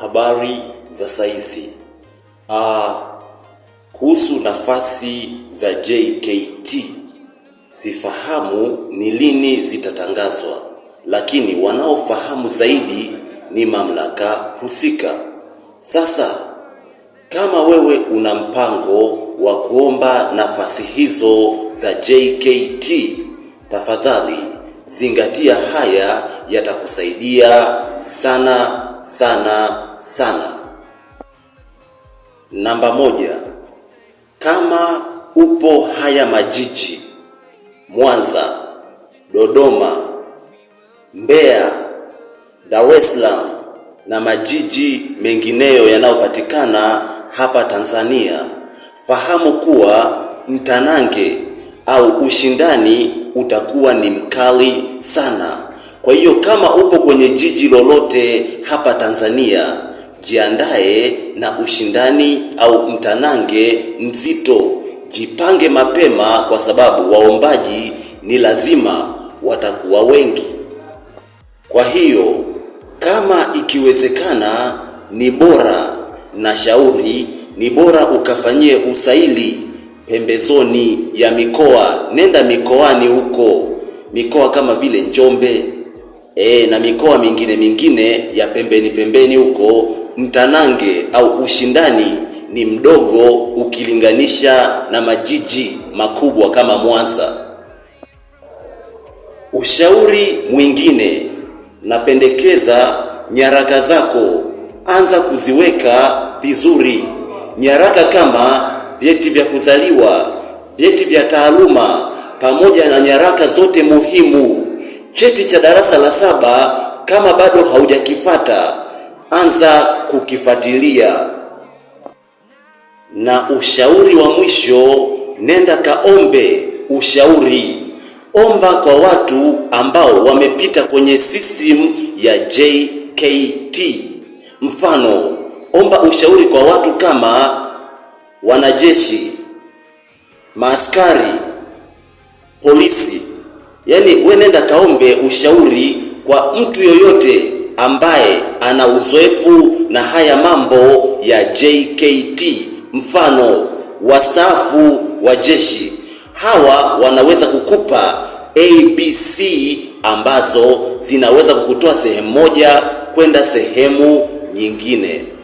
habari za saizi ah, kuhusu nafasi za JKT sifahamu ni lini zitatangazwa, lakini wanaofahamu zaidi ni mamlaka husika. Sasa kama wewe una mpango wa kuomba nafasi hizo za JKT, tafadhali zingatia haya, yatakusaidia sana sana sana. Namba moja, kama upo haya majiji Mwanza, Dodoma, Mbeya, Dar es Salaam na majiji mengineyo yanayopatikana hapa Tanzania, fahamu kuwa mtanange au ushindani utakuwa ni mkali sana. Kwa hiyo kama upo kwenye jiji lolote hapa Tanzania, jiandae na ushindani au mtanange mzito. Jipange mapema kwa sababu waombaji ni lazima watakuwa wengi. Kwa hiyo kama ikiwezekana, ni bora na shauri ni bora ukafanyie usaili pembezoni ya mikoa. Nenda mikoani huko, mikoa kama vile Njombe, e, na mikoa mingine mingine ya pembeni pembeni huko, mtanange au ushindani ni mdogo ukilinganisha na majiji makubwa kama Mwanza. Ushauri mwingine, napendekeza nyaraka zako anza kuziweka vizuri. Nyaraka kama vyeti vya kuzaliwa, vyeti vya taaluma, pamoja na nyaraka zote muhimu Cheti cha darasa la saba kama bado haujakifata, anza kukifatilia Na ushauri wa mwisho, nenda kaombe ushauri. Omba kwa watu ambao wamepita kwenye system ya JKT. Mfano, omba ushauri kwa watu kama wanajeshi, maaskari, polisi Yaani wewe nenda kaombe ushauri kwa mtu yoyote ambaye ana uzoefu na haya mambo ya JKT, mfano wastaafu wa jeshi. Hawa wanaweza kukupa ABC ambazo zinaweza kukutoa sehemu moja kwenda sehemu nyingine.